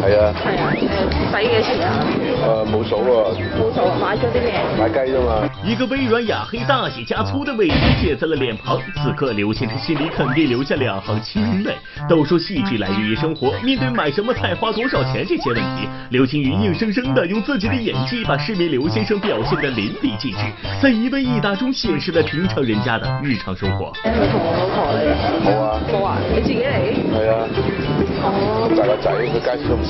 係啊，係啊，使幾多錢啊？冇數啊，冇數，買咗啲咩？買雞啫嘛。一個微軟雅黑大寫加粗的委屈寫在了臉龐，此刻劉先生心裏肯定留下兩行清淚。都說戲劇來源於生活，面對買什麼菜花多少錢這些問題，劉青雲硬生生的用自己的演技把市民劉先生表現得淋漓盡致，致，在一問一答中顯示了平常人家的日常生活。佢同我老婆嚟。好啊。好啊，你自己嚟？係啊。哦。帶個仔，這個